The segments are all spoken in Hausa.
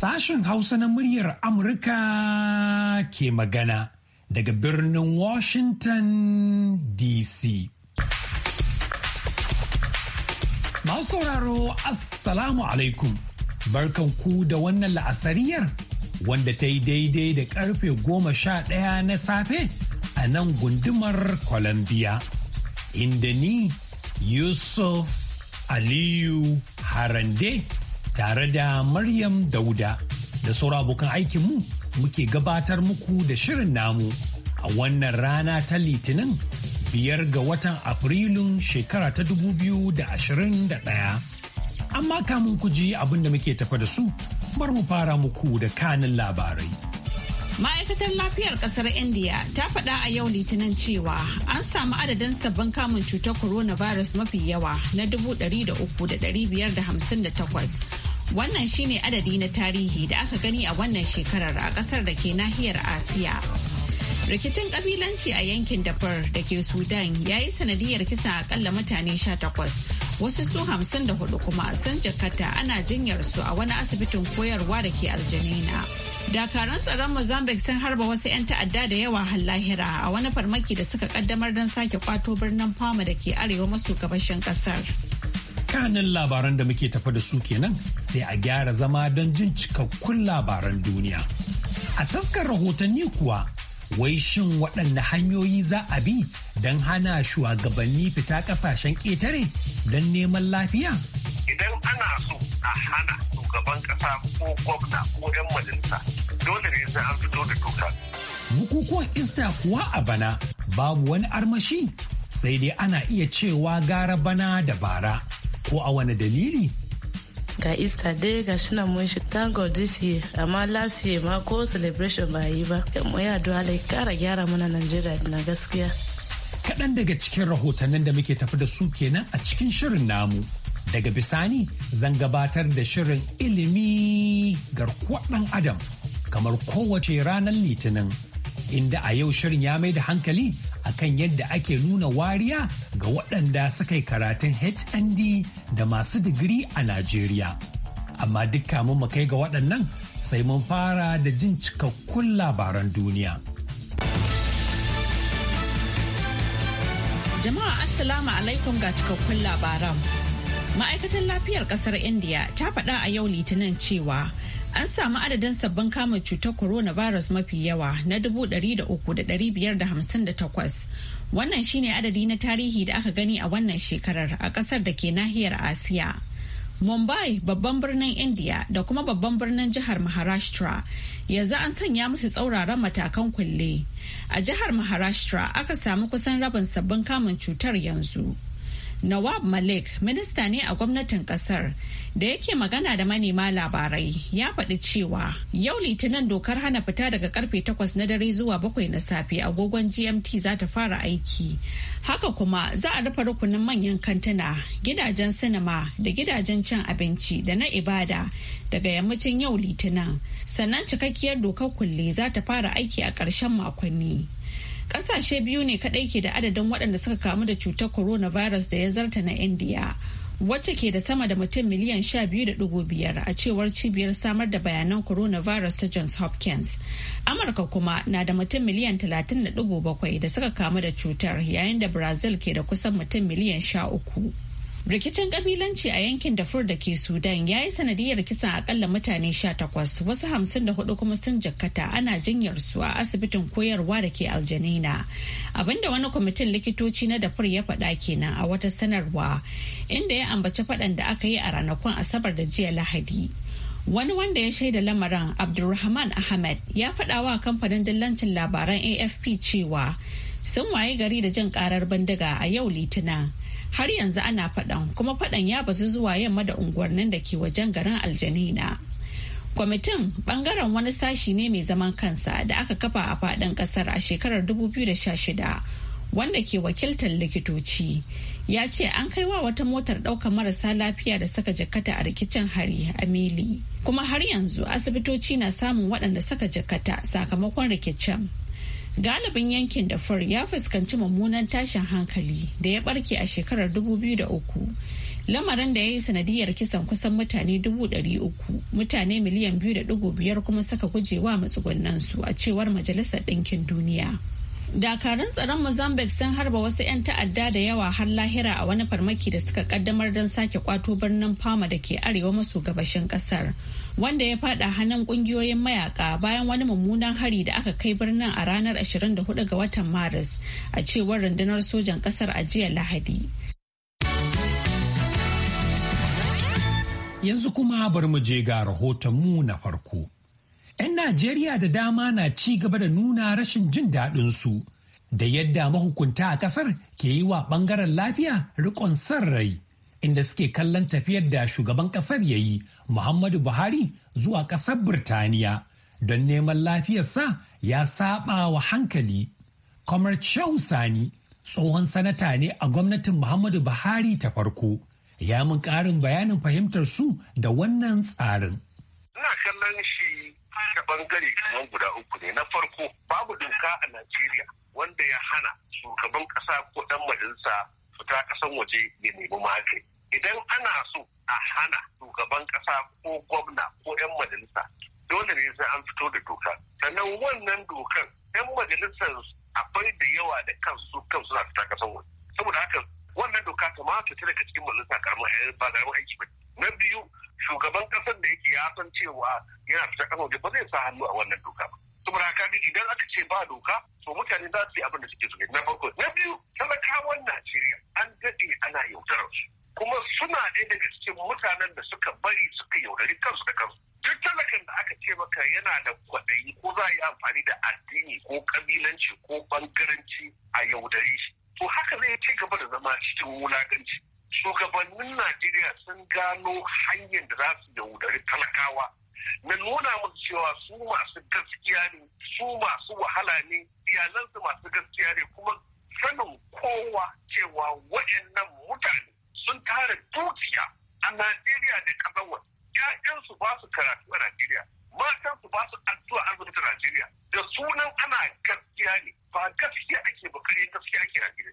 Sashen Hausa na muryar Amurka ke magana daga birnin Washington DC. Masu sauraro Assalamu alaikum, barkan ku da wannan la'asariyar wanda ta yi daidai da karfe goma sha ɗaya na safe a nan gundumar Columbia. Inda ni Yusuf Aliyu Harande tare da Maryam Dauda da sauran abokan aikinmu muke gabatar muku da shirin namu a wannan rana ta Litinin biyar ga watan Afrilun shekara ta 2021. Amma kamun ku ji abin da muke tafa da su, bar mu fara muku da kanin labarai. ma'aikatar lafiyar kasar india ta faɗa a yau litinin cewa an samu adadin sabbin kamun cutar coronavirus mafi yawa na 300,558 Wannan shine adadi na tarihi da aka gani a wannan shekarar a kasar da ke nahiyar Asiya. Rikicin kabilanci a yankin Dafar da ke Sudan ya yi sanadiyar kisan akalla mutane 18 wasu su 54 kuma sun jakata ana jinyar su a wani asibitin koyarwa da ke Aljanina. Dakaran tsaron Mozambique sun harba wasu 'yan ta'adda da yawa har a wani farmaki da suka kaddamar don sake kwato birnin Fama da ke arewa maso gabashin kasar. dukkanin labaran da muke tafa da su kenan sai a gyara zama don jin cikakkun labaran duniya. A taskar rahotanni kuwa, wai shin waɗanne hanyoyi za a bi don hana shugabanni fita ƙasashen ƙetare don neman lafiya? Idan ana so a hana shugaban ƙasa ko gwamna ko 'yan majalisa dole ne sai an fito da doka. Bukukuwan Ista kuwa a bana babu wani armashi sai dai ana iya cewa gara bana da bara. ko a wani dalili ga easter dai ga shi mun shi thank god this year amma last year ma ko celebration ba yi ba mu ya duwa kara gyara mana najeriya na gaskiya kaɗan daga cikin rahotannin da muke tafi da su kenan a cikin shirin namu daga bisani zan gabatar da shirin ilimi garkuwar ɗan adam kamar kowace ranar litinin inda a yau shirin ya mai da hankali akan yadda ake nuna wariya ga waɗanda suka yi karatun HND da masu digiri a Najeriya. Amma duk mu kai ga waɗannan sai mun fara da jin cikakkun labaran duniya. Jama'a Assalamu alaikum ga cikakkun labaran. ma'aikatan lafiyar ƙasar Indiya ta faɗa a yau litinin cewa an samu adadin sabbin kamun cutar corona virus mafi yawa na 300,558 wannan shine adadi na tarihi da aka gani a wannan shekarar a kasar da ke nahiyar asiya mumbai babban birnin india da kuma babban birnin jihar maharashtra yanzu an sanya musu tsauraran matakan kulle a jihar maharashtra aka samu kusan rabin sabbin kamun cutar yanzu. Nawab Malik minista ne a gwamnatin kasar da yake magana da manema labarai ya faɗi cewa yau litinin dokar hana fita daga karfe 8 na dare zuwa 7 na safe agogon GMT za ta fara aiki. Haka kuma za a rufe rukunin manyan kantuna, gidajen sinima da gidajen cin abinci da na ibada daga yammacin yau litinin. Sannan cikakkiyar dokar kulle za ta fara aiki a ƙarshen makonni. Ƙasashe biyu ne kadai ke da adadin waɗanda suka kamu da cutar coronavirus da ya zarta na India. wacce ke da sama da mutum miliyan biyar a cewar cibiyar samar da bayanan coronavirus ta johns hopkins amurka kuma na da mutum miliyan Talatin da bakwai da suka kamu da cutar yayin da brazil ke da kusan mutum miliyan Sha uku. rikicin kabilanci a yankin dafur da ke sudan ya yi sanadiyar kisan akalla mutane 18 wasu hamsin da hudu kuma sun jakkata ana jinyar su a asibitin koyarwa da ke aljanina abinda wani kwamitin likitoci na dafur ya faɗa kenan a wata sanarwa inda ya ambaci faɗan da aka yi a ranakun asabar da jiya lahadi wani wanda ya shaida lamarin abdulrahman ahmed ya faɗa wa kamfanin dillancin labaran afp cewa sun waye gari da jin karar bindiga a yau litinin har yanzu ana faɗan kuma faɗan ya bazu zuwa yamma da unguwannin da ke wajen garin aljanina kwamitin bangaren wani sashi ne mai zaman kansa da aka kafa a faɗin ƙasar a shekarar 2016 wanda ke wakiltar likitoci ya ce an kai wa wata motar ɗaukar marasa lafiya da saka jakata a rikicin hari a mili kuma har yanzu asibitoci na samun waɗanda saka jakata sakamakon rikicin galibin yankin da fur ya fuskanci mummunan tashin hankali da ya barke a shekarar 2003 lamarin da ya yi sanadiyar kisan kusan mutane 300 mutane miliyan 2.5 kuma saka gujewa su a cewar majalisar ɗinkin duniya dakarun tsaron mozambique sun harba wasu 'yan ta'adda da yawa har lahira a wani farmaki da suka kaddamar don sake kwato birnin fama da ke arewa maso gabashin kasar wanda ya fada hannun kungiyoyin mayaka bayan wani mummunan hari da aka kai birnin a ranar 24 ga watan maris a cewar rundunar sojan kasar a jiya lahadi yanzu kuma bar mu je ga rahoton mu na farko 'yan najeriya da dama na ci gaba da nuna rashin jin daɗin su. da yadda mahukunta a ƙasar ke yi wa ɓangaren lafiya riƙon san rai inda suke kallon tafiyar da shugaban ƙasar ya yi Muhammadu Buhari zuwa ƙasar Birtaniya don neman lafiyarsa ya saba wa hankali. Kamar Shehu Sani tsohon sanata ne a gwamnatin Muhammadu Buhari ta farko ya mun ƙarin bayanin fahimtar su da wannan tsarin. Ina kallon shi ta bangare kamar guda uku ne na farko babu doka a Najeriya wanda ya hana shugaban ƙasa ko ɗan majalisa fita ƙasan waje ya nemi magani. idan ana so a hana shugaban kasa ko gwamna ko 'yan majalisa dole ne sai an fito da doka sannan wannan dokan 'yan majalisar akwai da yawa da kansu kansu suna fita kasan wani saboda haka wannan doka ta ma fita daga cikin majalisa karamin ba karamin aiki ba na biyu shugaban kasar da yake ya san cewa yana fita kasan waje ba zai sa hannu a wannan doka ba saboda haka idan aka ce ba doka to mutane za su yi abin da suke so na farko na biyu talakawan najeriya an daɗe ana yaudarar su kuma suna ɗaya daga cikin mutanen da suka bari suka yaudari kansu da kansu duk talakan da aka ce maka yana da kwaɗayi ko za a yi amfani da addini ko ƙabilanci ko ɓangaranci a yaudare shi to haka zai ci gaba da zama cikin wulaƙanci shugabannin najeriya sun gano hanyar da za su yaudari talakawa na nuna musu cewa su masu gaskiya ne su masu wahala ne iyalansu masu gaskiya ne kuma sanin kowa cewa waɗannan mutane sun tara dukiya a Najeriya da kasar ‘Ya'yansu ba su karatu a Najeriya, matansu ba su addu'a ta Najeriya, da sunan ana gaskiya ne, ba gaskiya ake bukari gaskiya ake Najeriya.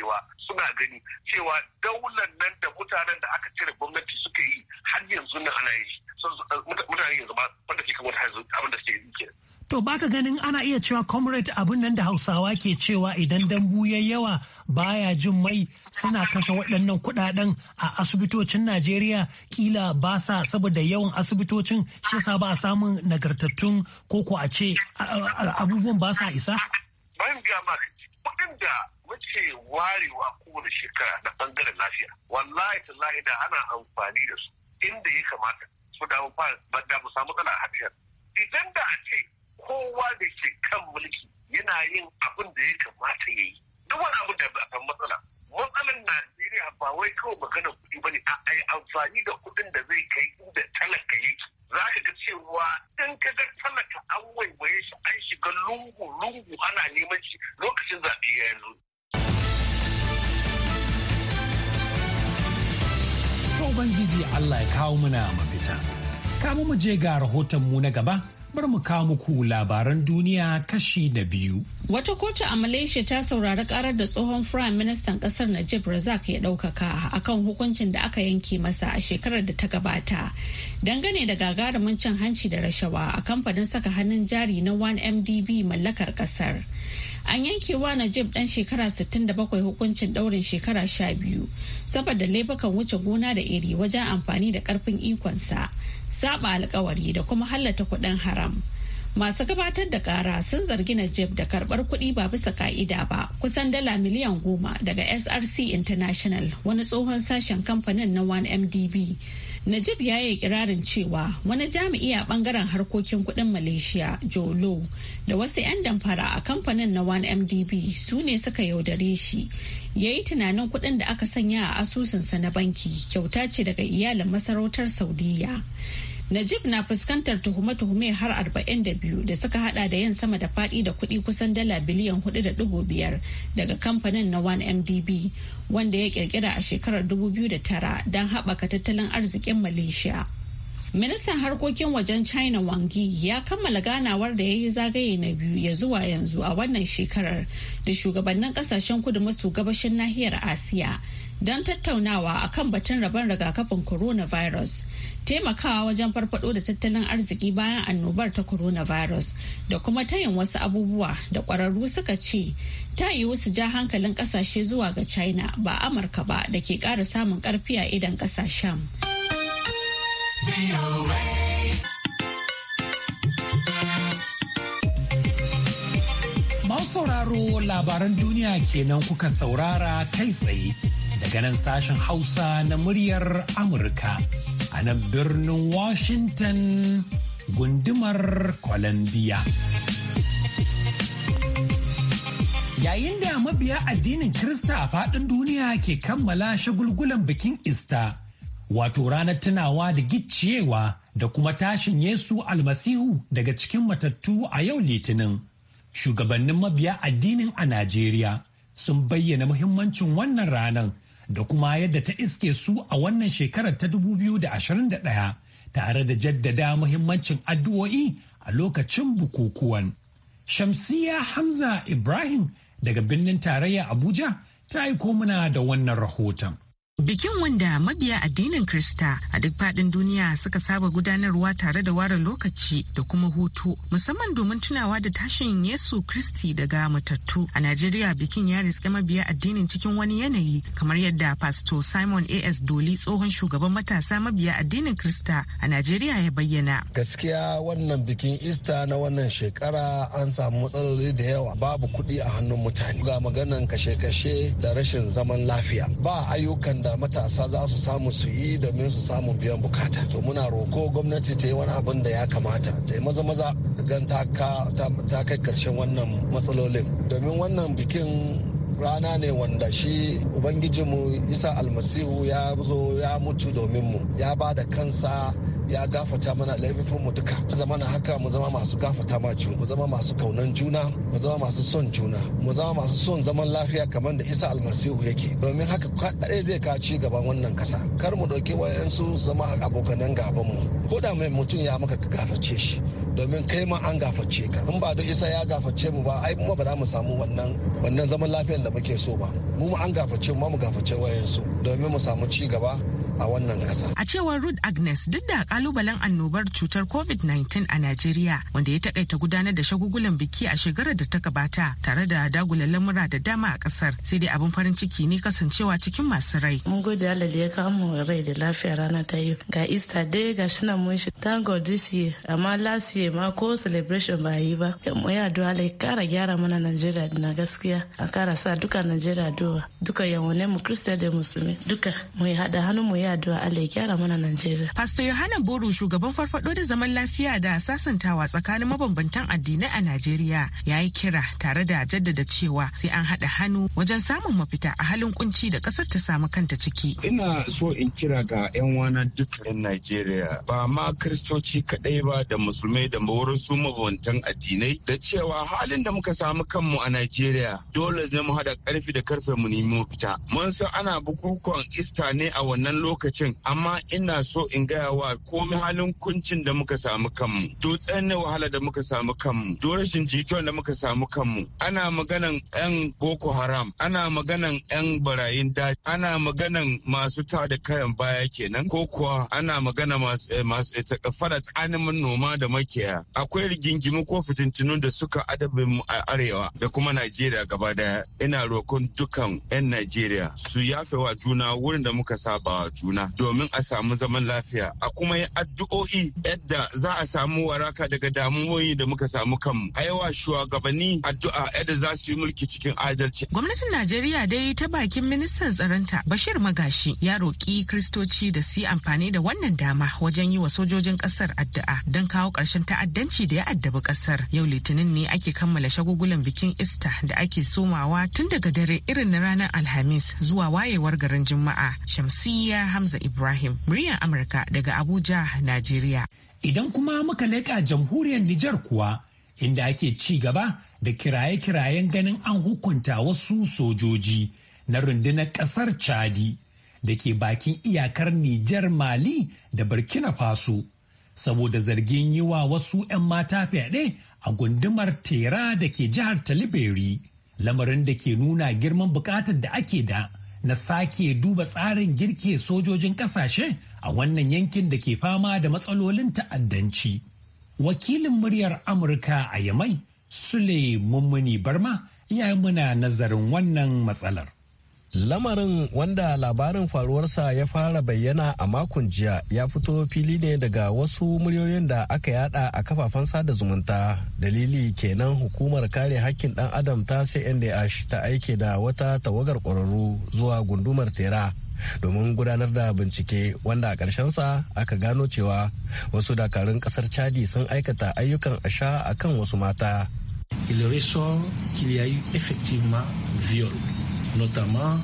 cewa suna gani cewa daular nan da mutanen da aka cire gwamnati suka yi har yanzu nan ana yi eh, mutane yanzu ba wanda ke kamar yanzu abin da suke yi ke. To baka ganin ana iya cewa comrade abin nan da Hausawa ke cewa idan dambu ya yawa baya jin mai suna kashe waɗannan kuɗaɗen a asibitocin Najeriya kila ba sa saboda yawan asibitocin shi sa ba a samun nagartattun ko ko a ce abubuwan ba sa isa? ka'ida ana amfani da su inda ya kamata su da mu samu matsala a hafiyar idan da a ce kowa da ke kan mulki yana yin abin da ya kamata ya yi duk wani abin da ba a matsala matsalar najeriya ba wai kawai magana kuɗi ba ne a yi amfani da Kamu mu je ga rahotonmu na gaba bar mu kawo muku labaran duniya kashi na biyu. Wata kotu a Malaysia ta saurari karar da tsohon Firayim Ministan kasar Najib Razak ya ɗaukaka akan hukuncin da aka yanke masa a shekarar da ta gabata. Dangane da gagarumin cin hanci da rashawa a kamfanin saka hannun jari na 1MDB mallakar kasar. an yanke wa najib dan shekara 67 hukuncin daurin shekara 12 saboda laifukan wuce gona da iri wajen amfani da karfin ikonsa saba alkawari da kuma hallata kuɗin haram masu gabatar da kara sun zargi najib da karbar kuɗi ba bisa ka'ida ba kusan dala miliyan goma daga src international wani tsohon sashen kamfanin na 1mdb Najib ya yi kirarin cewa wani jami'i a bangaren harkokin kudin Malaysia, Jolo, da wasu 'yan damfara a kamfanin na 1MDB su ne suka yaudare shi. Ya yi tunanin kudin da aka sanya a asusunsa na banki kyauta ce daga iyalin masarautar Saudiya. Najib na fuskantar tuhume-tuhume har 42 da suka hada da yin sama da fadi da kuɗi kusan dala biliyan 4.5 daga kamfanin na 1MDB wanda ya kirkira a shekarar 2009 don haɓaka tattalin arzikin Malaysia. Ministan harkokin wajen China Wang Yi ya kammala ganawar da ya yi zagaye na biyu ya zuwa yanzu a wannan shekarar da shugabannin kasashen kudu maso gabashin nahiyar Asiya don tattaunawa a kan batun rabon rigakafin coronavirus taimakawa wajen farfado da tattalin arziki bayan annobar ta coronavirus da kuma tayin wasu abubuwa da kwararru suka ce ta yiwu wasu ja hankalin kasashe zuwa ga china ba amurka ba da ke ƙara samun ƙarfi a idan kasashen sauraro labaran duniya kenan kuka saurara kai tsaye daga nan sashen Hausa na muryar Amurka a nan birnin Washington gundumar Columbia. Yayin da mabiya addinin Kirista a faɗin duniya ke kammala shagulgulan bikin Ista, wato ranar tunawa da gicciyewa da kuma tashin Yesu almasihu daga cikin matattu a yau litinin. Shugabannin mabiya addinin a Najeriya sun bayyana muhimmancin wannan ranar da kuma yadda ta iske su a wannan shekarar ta 2021 tare da jaddada muhimmancin addu'o'i a lokacin bukukuwan. Shamsiya Hamza Ibrahim daga birnin tarayya Abuja ta aiko muna da wannan rahoton. Bikin wanda mabiya addinin Krista a duk faɗin duniya suka saba gudanarwa tare da ware lokaci da kuma hutu musamman domin tunawa da tashin Yesu Kristi daga matattu. A Najeriya bikin ya riske mabiya addinin cikin wani yanayi kamar yadda Pastor Simon A.S. Doli tsohon shugaban matasa mabiya addinin Krista a Najeriya ya bayyana. Gaskiya wannan bikin Easter na wannan shekara an samu matsaloli da yawa babu kuɗi a hannun mutane. Ga maganan kashe-kashe da rashin zaman lafiya. Ba ayyukan da da matasa za su samu su yi domin su samu biyan bukata to muna roko gwamnati ta yi wani abin da ya kamata ta yi maza maza gan ta kai karshen wannan matsalolin domin wannan bikin rana ne wanda shi ubangijinmu isa almasihu ya zo ya mutu domin mu ya ba da kansa ya gafata mana laifin mu duka zama na haka mu zama masu gafata ma juna mu zama masu kaunan juna mu zama masu son juna mu zama masu son zaman lafiya kamar da isa almasihu yake domin haka kaɗai zai ka ci gaban wannan kasa kar mu ɗauki wayansu zama abokanan gaban mu ko da mai mutum ya maka gaface shi domin kai ma an gaface ka in ba da isa ya gaface mu ba ai kuma ba za mu samu wannan wannan zaman lafiyar da muke so ba mu ma an gaface mu ma mu gaface wayansu domin mu samu ci gaba a wannan kasa. A cewar Ruth Agnes duk da kalubalen annobar cutar COVID-19 a Najeriya wanda ya takaita gudanar da shagugulan biki a shekarar da ta gabata tare da dagula lamura da dama a kasar sai dai abin farin ciki ne kasancewa cikin masu rai. Mun gode Allah da ya kawo rai da lafiya rana ta yi ga Easter day ga shi nan mun shi thank God this year amma last year ma ko celebration ba yi ba. Mu ya addu'a Allah ya kara gyara mana Najeriya na gaskiya a kara sa duka Najeriya addu'a duka yawanen mu Christian da Musulmi duka mu hada hannu mu ya addu'a Allah ya gyara mana Najeriya. Pastor Yohana Boru shugaban farfado da zaman lafiya da sasantawa tsakanin mabambantan addinai a Najeriya ya yi kira tare da jaddada cewa sai an haɗa hannu wajen samun mafita a halin kunci da kasar ta samu kanta ciki. Ina so in kira ga 'yan wana duk 'yan Najeriya ba ma kiristoci kaɗai ba da musulmai da su mabambantan addinai da cewa halin da muka samu kanmu a Najeriya dole ne mu haɗa karfi da karfe mu nemi fita. Mun san ana bukukuwan ista ne a wannan lokacin lokacin amma ina so in gaya wa komai halin kuncin da muka samu kanmu to tsanin wahala da muka samu kanmu to rashin jituwan da muka samu kanmu ana maganan yan boko haram ana maganan yan barayin daji ana maganan masu ta da kayan baya kenan ko kuwa ana magana masu eh, eh, takafara tsakanin noma da makiya akwai rigingimu ko fitintinu da suka adabin a arewa da kuma najeriya gaba daya ina rokon dukan yan najeriya su yafe wa juna wurin da muka saba wa juna juna domin a samu zaman lafiya a kuma yi addu'o'i yadda za a samu waraka daga damuwoyi da muka samu kanmu a yawa shugabanni addu'a yadda za su yi mulki cikin adalci. Gwamnatin Najeriya dai ta bakin ministan tsaronta Bashir Magashi ya roƙi kiristoci da su yi amfani da wannan dama wajen yi wa sojojin ƙasar addu'a don kawo ƙarshen ta'addanci da ya addabi ƙasar. Yau Litinin ne ake kammala shagugulan bikin Ista da ake somawa tun daga dare irin na ranar Alhamis zuwa wayewar garin Juma'a. Shamsiyya Hamza Ibrahim, muryar Amurka daga Abuja, Najeriya. Idan kuma muka leƙa jamhuriyar Nijar kuwa, inda ake ci gaba da kiraye-kirayen ganin an hukunta wasu sojoji na rundunar ƙasar Chadi da ke bakin iyakar Nijar Mali da Burkina Faso, saboda zargin yi wa wasu 'yan mata fyaɗe a gundumar Tera da ke jihar Taliberi, lamarin da ke nuna girman buƙatar da ake da. na sake duba tsarin girke sojojin kasashe a wannan yankin da ke fama da matsalolin ta'addanci. Wakilin muryar Amurka a Yamai, Sule Mummuni Barma, ya muna nazarin wannan matsalar. Lamarin wanda labarin faruwarsa ya fara bayyana a makon jiya ya fito fili ne daga wasu muryoyin da aka yada a kafafen sada zumunta. Dalili kenan hukumar kare hakkin dan adam ta CNDH ta aike da wata tawagar ƙwararru zuwa gundumar tera domin gudanar da bincike wanda a sa aka gano cewa wasu dakarun ƙasar chadi sun aikata ayyukan asha akan wasu mata. Il ressort qu'il y notamment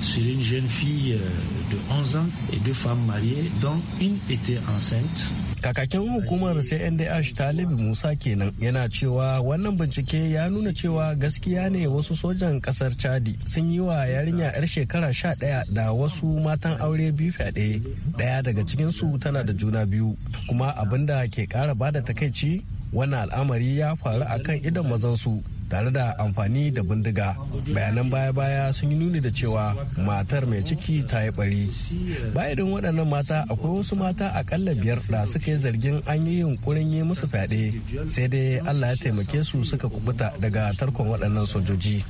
sur une jeune fille euh, de 11 ans et deux femmes mariées dont une était enceinte. Kakakin hukumar CNDH Talibu Musa kenan yana cewa wannan bincike ya nuna cewa gaskiya ne wasu sojan kasar Chadi sun yi wa yarinya 'yar shekara sha 11 da wasu matan aure biyu fyaɗe ɗaya daga cikinsu tana da juna biyu kuma abinda ke ƙara bada takaici wannan al'amari ya faru akan idan mazansu tare da amfani da bindiga bayanan baya-baya sun yi nuni da cewa matar mai ciki ta yi bari bayan waɗannan mata akwai wasu mata akalla biyar da suka yi zargin an yi yunkurin yi musu fyaɗe sai dai allah ya taimake su suka kubuta daga tarkon waɗannan sojoji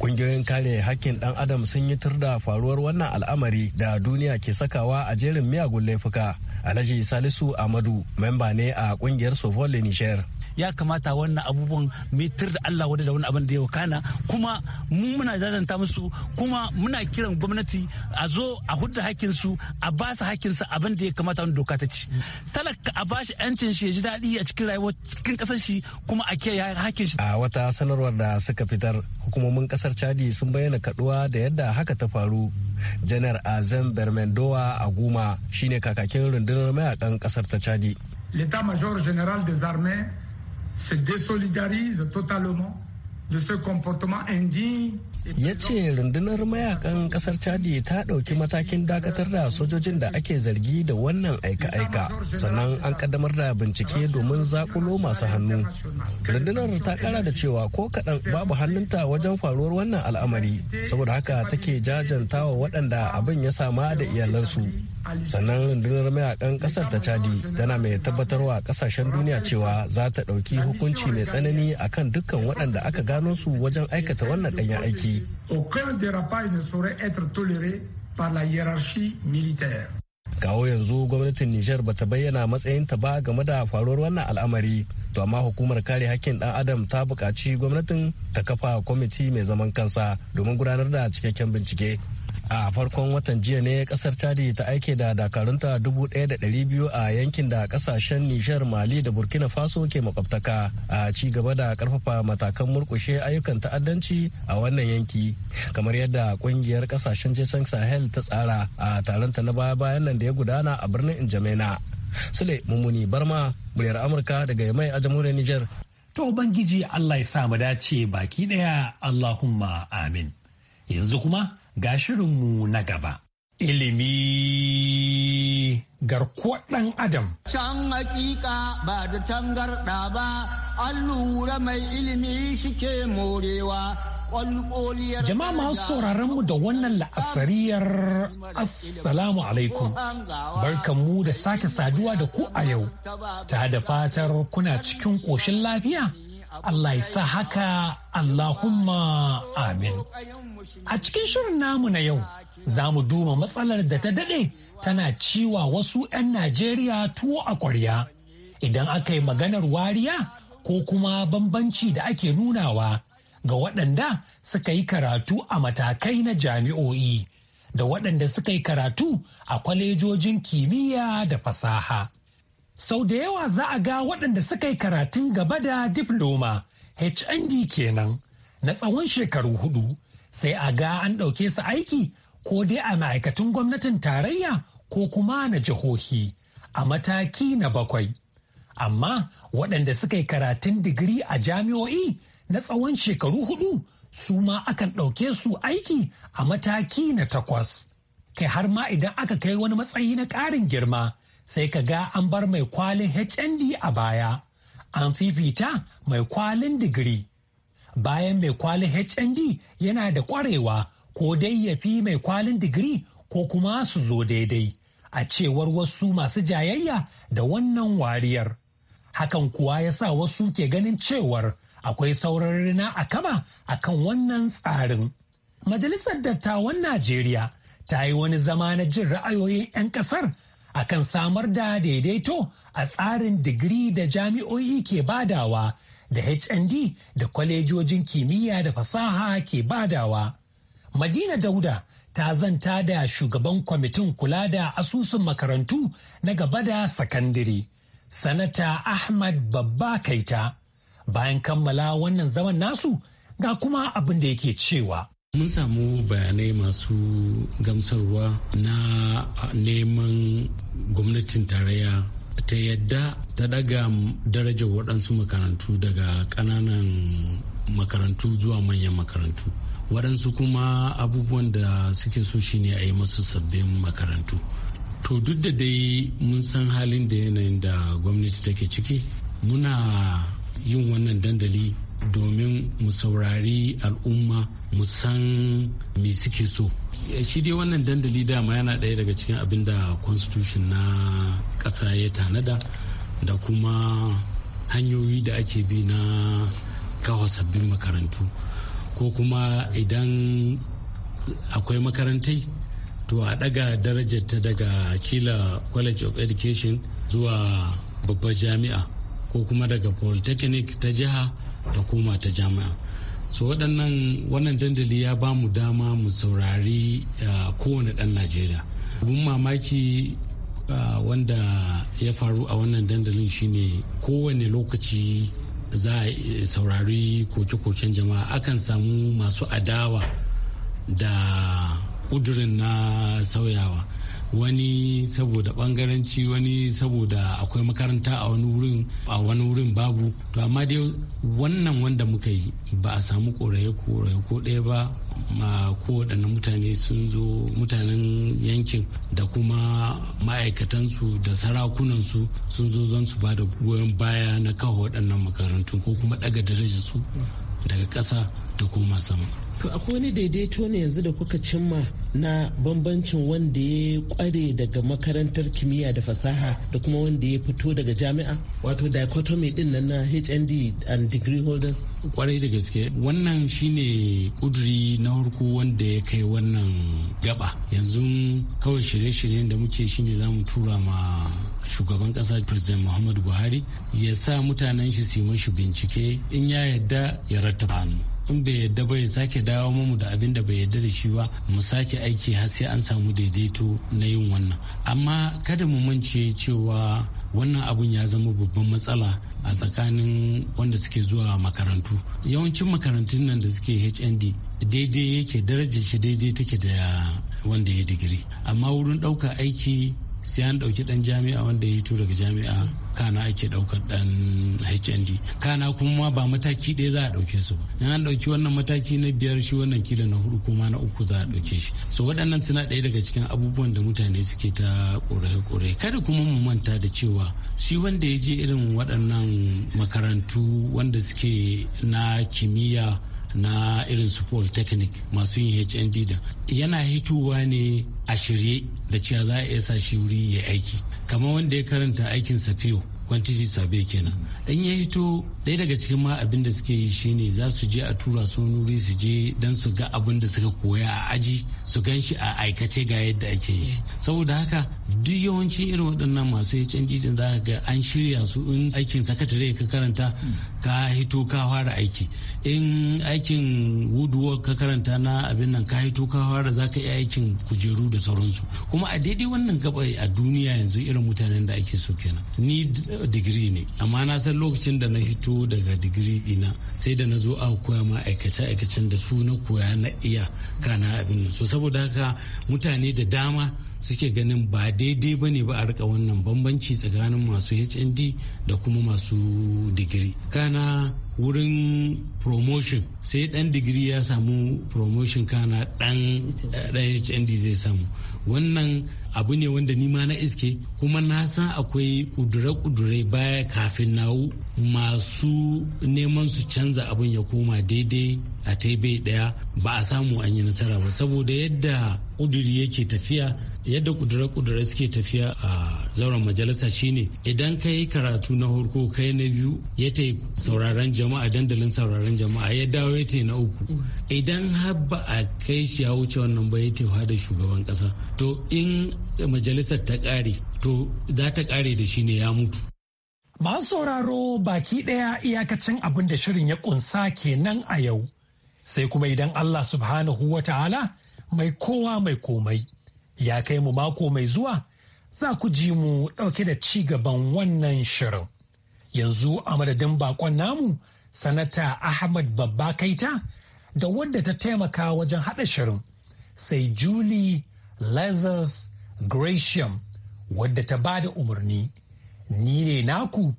Kungiyoyin kare hakkin ɗan adam sun yi tur da faruwar wannan al'amari da duniya ke sakawa a jerin miyagun laifuka Alhaji Salisu Amadu memba ne a kungiyar Sovol Niger. Ya kamata wannan abubuwan mitar da Allah wadda da wani abin da ya kana kuma mu muna zazanta musu kuma muna kiran gwamnati a zo a hudda hakkin su a ba su hakkin abin da ya kamata wani doka ta ci. Talaka a ba shi yancin shi ya ji daɗi a cikin rayuwar cikin ƙasar shi kuma a kiyaye hakkin shi. A wata sanarwar da suka fitar hukumomin ƙasar Chadi sun bayyana kaduwa da yadda haka ta faru. Janar Azam Bermendowa a Guma shine kakakin rundunar rundunar mayakan kasar ta chadi l'état major général des armées se désolidarise totalement de ce comportement indigne ya ce rundunar mayakan kasar chadi ta dauki matakin dakatar da sojojin da ake zargi da wannan aika-aika sannan an kaddamar da bincike domin zakulo masu hannu rundunar ta kara da cewa ko kadan babu hannunta wajen faruwar wannan al'amari saboda haka take jajanta wa waɗanda abin ya sama da iyalansu sannan rundunar mayakan kasar ta chadi tana mai tabbatarwa kasashen duniya cewa za ta ɗauki hukunci mai tsanani akan dukkan waɗanda aka gano su wajen aikata wannan ɗanyen aiki kawo yanzu gwamnatin nijar ta bayyana matsayin ta ba game da faruwar wannan al'amari to amma hukumar kare hakkin dan adam ta bukaci gwamnatin ta kafa kwamiti mai zaman kansa domin gudanar da cikakken bincike a farkon watan jiya ne kasar chadi ta aike da dakarunta 1,200 a yankin da kasashen nishar mali da burkina faso ke makwabtaka a ci gaba da karfafa matakan murkushe ayyukan ta'addanci a wannan yanki kamar yadda kungiyar kasashen jason sahel ta tsara a taronta na baya bayan nan da ya gudana a birnin injamena sule mummuni barma muryar amurka daga yamai a jamhuriyar niger to ubangiji allah ya sa mu dace baki daya allahumma amin yanzu kuma ga shirinmu na gaba. Ilimi garkuwa ɗan Adam. Can hakika ba da tangarɗa ba, an lura mai ilimi ke morewa. Jama'a masu sauraron mu da wannan la'asariyar Assalamu alaikum. mu da sake saduwa da ku a yau, ta da fatar kuna cikin ƙoshin lafiya. Allah ya sa haka Allahumma amin. A cikin shirin namu na yau, za mu duba matsalar da ta daɗe tana ciwa wasu 'yan Najeriya tuwo a ƙwarya. Idan aka yi maganar wariya ko kuma bambanci da ake nunawa ga waɗanda suka yi karatu a matakai na jami'o'i da waɗanda suka yi karatu a kwalejojin kimiyya da fasaha. sau da yawa za a ga waɗanda suka yi karatun gaba da diploma hnd kenan na tsawon shekaru hudu sai a ga an ɗauke su aiki ko dai a ma'aikatun gwamnatin tarayya ko kuma na jihohi a mataki na bakwai amma waɗanda suka yi karatun digiri a jami'o'i na tsawon shekaru hudu su ma akan ɗauke su aiki a mataki na takwas kai har ma idan aka kai wani matsayi na ƙarin girma sai ka ga an bar mai kwalin HND a baya, an fifita mai kwalin digiri. Bayan mai kwalin HND yana da kwarewa ko dai ya fi mai kwalin digiri ko kuma su zo daidai, a cewar wasu masu jayayya da wannan wariyar. Hakan kuwa ya sa wasu ke ganin cewar akwai sauran rina a kama akan wannan tsarin. Majalisar Dattawan Najeriya ta yi wani zama na jin ra'ayoyin 'yan ƙasar akan samar da daidaito a tsarin digiri da jami'o'i ke badawa da HND da kwalejojin kimiyya da fasaha ke badawa. Madina Dauda ta zanta da shugaban kwamitin kula da asusun makarantu na gaba da sakandare, Sanata Ahmad Babba Kaita. Bayan kammala wannan zaman nasu ga kuma abin da yake cewa. Mun samu bayanai masu gamsarwa na neman gwamnatin tarayya ta yadda ta daga darajar waɗansu makarantu daga ƙananan makarantu zuwa manyan makarantu. Waɗansu kuma abubuwan da suke so shi ne a yi masu sabbin makarantu. To duk da dai mun san halin da yanayin da gwamnati take ciki muna yin wannan dandali domin mu saurari al'umma mu san me suke so eh, shi dai wannan dandali dama yana ɗaya daga cikin abin da constitution na ƙasa ya tanada da kuma hanyoyi da ake bi na kawo sabbin makarantu ko kuma idan akwai makarantai to a ɗaga ta daga kila college of education zuwa babbar jami'a ko kuma daga polytechnic ta jiha Da koma ta jami'a so waɗannan wannan dandali ya ba mu dama mu saurari eh, kowane ɗan najeriya abin mamaki eh, wanda ya faru a wannan dandalin shine kowane lokaci za a eh, saurari koke-koken jama'a akan samu masu adawa da ƙudurin na sauyawa wani saboda bangaranci wani saboda akwai makaranta a wani wurin a wani wurin babu to amma dai wannan wanda muka yi ba a samu koraye koraye ko ɗaya ba ma waɗanne mutane sun zo mutanen yankin da kuma ma'aikatansu da sarakunansu sun zo zan su ba da goyon baya na kawo waɗannan makarantu ko kuma ɗaga darajarsu daga ƙasa da kuma sama to akwai wani daidaito ne yanzu da kuka cimma na bambancin wanda ya kware daga makarantar kimiyya da fasaha da kuma wanda ya fito daga jami'a wato dichotomy din nan na hnd and degree holders kwarai da gaske wannan shine kuduri na harko wanda ya kai wannan gaba yanzu kawai shirye-shiryen da muke shine za mu tura ma shugaban kasa president muhammadu buhari ya sa mutanen shi su yi mashi bincike in ya yarda ya rattaba mu in bai yadda ba ya sake dawo mamu da abin da bai yadda da shi ba mu sake aiki har sai an samu daidaito na yin wannan amma kada mu mance cewa wannan abun ya zama babban matsala a tsakanin wanda suke zuwa makarantu yawancin makarantun nan da suke hnd daidai yake darajar shi daidai take da wanda ya digiri amma wurin ɗauka aiki sai an ɗauki ɗan jami'a wanda ya yi hito daga jami'a kana ake ɗaukar ɗan hnd kana kuma ba mataki ɗaya za a ɗauke su ba in an ɗauki wannan mataki na biyar shi wannan kila na hudu kuma na uku za a ɗauke shi so waɗannan suna ɗaya daga cikin abubuwan da mutane suke ta ƙoraye-ƙoraye kada kuma mu manta da cewa shi wanda ya je irin waɗannan makarantu wanda suke na kimiyya na irin su polytechnic masu yin hnd da yana hitowa ne a shirye da cewa za a iya sa shi wuri ya aiki kamar wanda ya karanta aikin safiyo kwantiti sabe kenan in ya hito daya daga cikin ma abin da suke yi shine za su je a tura su nuri su je dan su ga abin da suka koya a aji su gan shi a aikace ga yadda ake yi saboda haka duk yawancin irin waɗannan masu ya canji din za ga an shirya su in aikin sakatare ka karanta ka hito ka fara aiki in aikin woodwork ka karanta na abin nan ka hito ka fara za ka iya aikin kujeru da sauransu kuma a daidai wannan gaba a duniya yanzu irin mutanen da ake so kenan ni digiri ne amma na san lokacin da na hito daga digiri dina sai da na zo a koya ma aikace aikacen da su na koya na iya kana abin nan so saboda haka mutane da dama suke ganin ba daidai ba ne ba a rika wannan bambanci tsakanin masu hnd da kuma masu digiri kana wurin promotion sai dan digiri ya samu promotion kana dan eh, hnd zai samu wannan abu ne wanda ni ma na iske kuma na san akwai kudure-kudure baya kafin nawu masu neman su canza abin ya koma daidai a tebe daya ba a samu an yi nasara ba saboda yadda kuduri yake tafiya yadda kudura-kudura suke tafiya a zauren majalisa shine idan ka yi karatu na harko kai na biyu ya ta yi sauraron jama'a dandalin sauraron jama'a ya dawo ya ta na uku idan har ba a kai shi ya wuce wannan ba ya ta da shugaban kasa to in majalisar ta kare to za ta kare da shi ne ya mutu Masu sauraro baki daya iyakacin abin da shirin ya ƙunsa kenan a yau, sai kuma idan Allah subhanahu wa ta'ala mai kowa mai komai ya kai mu mako mai zuwa za ku ji mu ɗauke da ci gaban wannan shirin. Yanzu a madadin bakon namu, Sanata Ahmad Babba Kaita da wadda ta taimaka wajen haɗa shirin, sai Julie Lazarus Gratiam wadda ta ba da umarni. Ni ne naku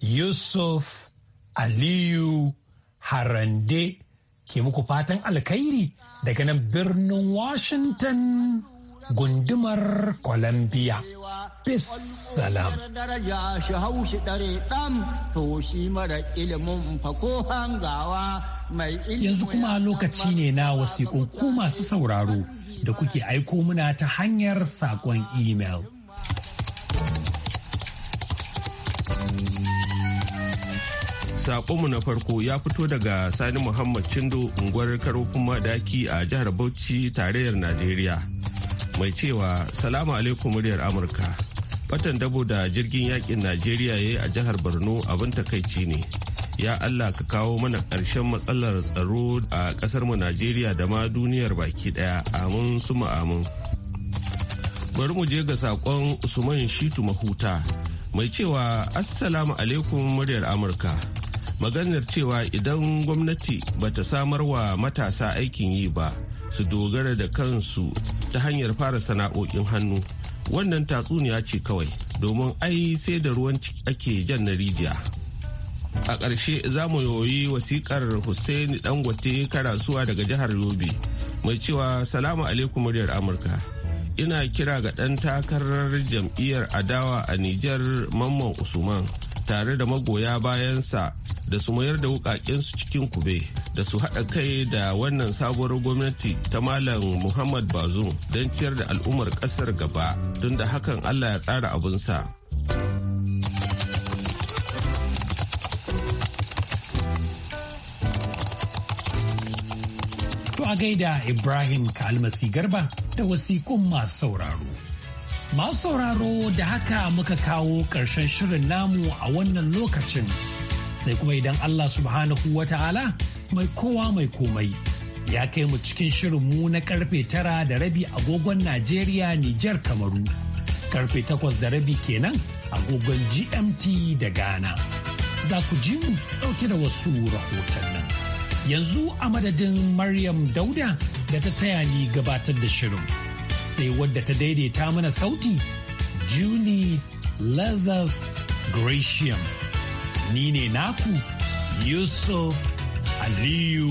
Yusuf Aliyu Harande ke muku fatan alkhairi daga nan birnin Washington. gundumar Columbia. Bis salam. Yanzu kuma lokaci ne na wasiƙun ko masu sauraro da kuke aiko muna ta hanyar saƙon imel. saƙonmu na farko ya fito daga sani muhammad chindo unguwar karo kuma daki a jihar bauchi tarayyar najeriya mai cewa salamu alaikum muryar amurka fatan dabo da jirgin yakin najeriya ya yi a jihar borno abin takaici ne ya allah ka kawo mana ƙarshen matsalar tsaro a ƙasar mu najeriya da ma duniyar baki ɗaya amin su amin bari mu je ga saƙon usman shitu mahuta mai cewa assalamu alaikum muryar amurka maganar cewa idan gwamnati bata samar wa matasa aikin yi ba su dogara da kansu ta hanyar fara sana'o'in hannu wannan tatsuniya ce kawai domin ai sai da ruwan ciki ake jan na rijiya a ƙarshe za mu yoyi wasiƙar hussaini dangote karasuwa daga jihar yobe mai cewa salamu alaikum muryar amurka ina kira ga ɗan takarar jam'iyyar adawa a nijar mamman usman tare da magoya bayansa da su mayar da wukakensu cikin kube da su haɗa kai da wannan sabuwar gwamnati ta malam muhammad bazum don ciyar da al'ummar ƙasar gaba don da hakan allah ya tsara abinsa To a gaida Ibrahim Kalmasi Garba da wasiƙun masu sauraro. Masu sauraro da haka muka kawo ƙarshen shirin namu a wannan lokacin sai kuma idan Allah subhanahu wa ta'ala mai kowa mai komai ya kai mu cikin shirin mu na karfe tara da rabi agogon Najeriya Nijar Kamaru karfe takwas da rabi kenan agogon GMT da Ghana. Za ku ji mu ɗauke da wasu rahoton nan. Yanzu a madadin Maryam Dauda da ta taya ni gabatar da shirin. sai wadda ta daidaita mana sauti Julie Lazarus Gratiam. Ni ne naku Yusuf Aliyu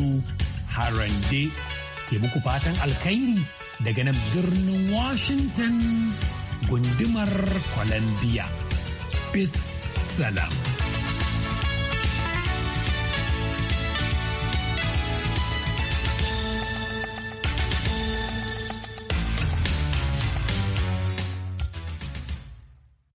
Harande ke muku fatan alkhairi daga nan birnin Washington gundumar Columbia. Peace salam.